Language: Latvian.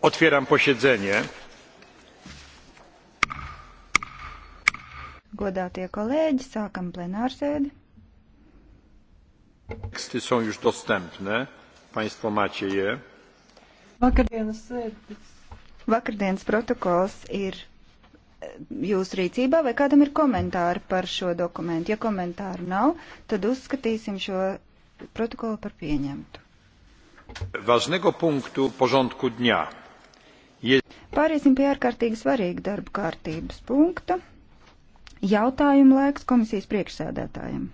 Otwieram posiedzenie. Godātie kolēģi, sākam plenārsēdi. Teksty są już dostępne. Państwo macie je. Vakardienas sēdes. Vakardienas protokols ir e, jūsu rīcībā, vai kādam ir komentāri par šo dokumentu. Ja komentāru nav, tad uzskatīsim šo protokolu par pieņemtu. Važnego punktu porządku dnia. Pāriesim pie ārkārtīgi svarīga darba kārtības punkta. Jautājumu laiks komisijas priekšsēdētājiem.